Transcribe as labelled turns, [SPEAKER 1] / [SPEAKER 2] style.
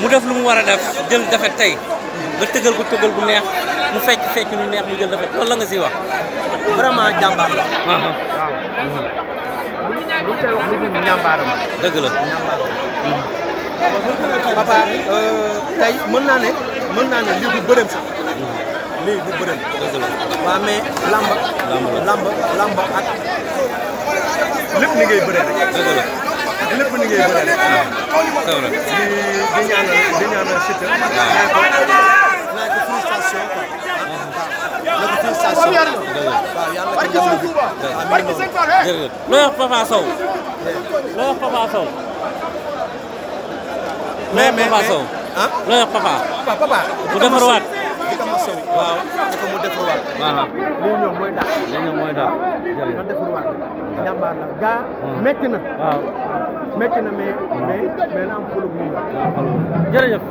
[SPEAKER 1] mu def lu mu wara def jël defé tay ba tëgal ko tëgal bu neex mu fecc fecc lu neex mu jël defé lol la nga ci wax vraiment jambar la lu koy wax nit ñi ñàmbaaram dëgg la papa euh,
[SPEAKER 2] tey mën mën
[SPEAKER 3] du sax du
[SPEAKER 2] la lamba lamba lamba ak
[SPEAKER 3] ni ngay la lépp ni ngay bëri rek. waaw di di ñaanal di ñaanal
[SPEAKER 4] Siteu. naa ko naa ko frustration
[SPEAKER 5] quoi. waaw naa
[SPEAKER 4] ko frustration. waaw yàlla na ko ndam bi. jërëjëf loo
[SPEAKER 5] wax Papa Sow. loo wax Papa Sow. mais mais Papa Sow. ah loo wax Papa. waaw Papa. mu defarwaat. di ko mos a wut. waaw
[SPEAKER 2] di ko mu defarwaat.
[SPEAKER 6] voilà lii ñoom mooy dàq. lii ñoom mooy dàq. jërëjëf defarwaat. jàmbaar la gaa. métti hmm. na. waaw. métti na mais mais mais na am xolu bu
[SPEAKER 4] jërëjëf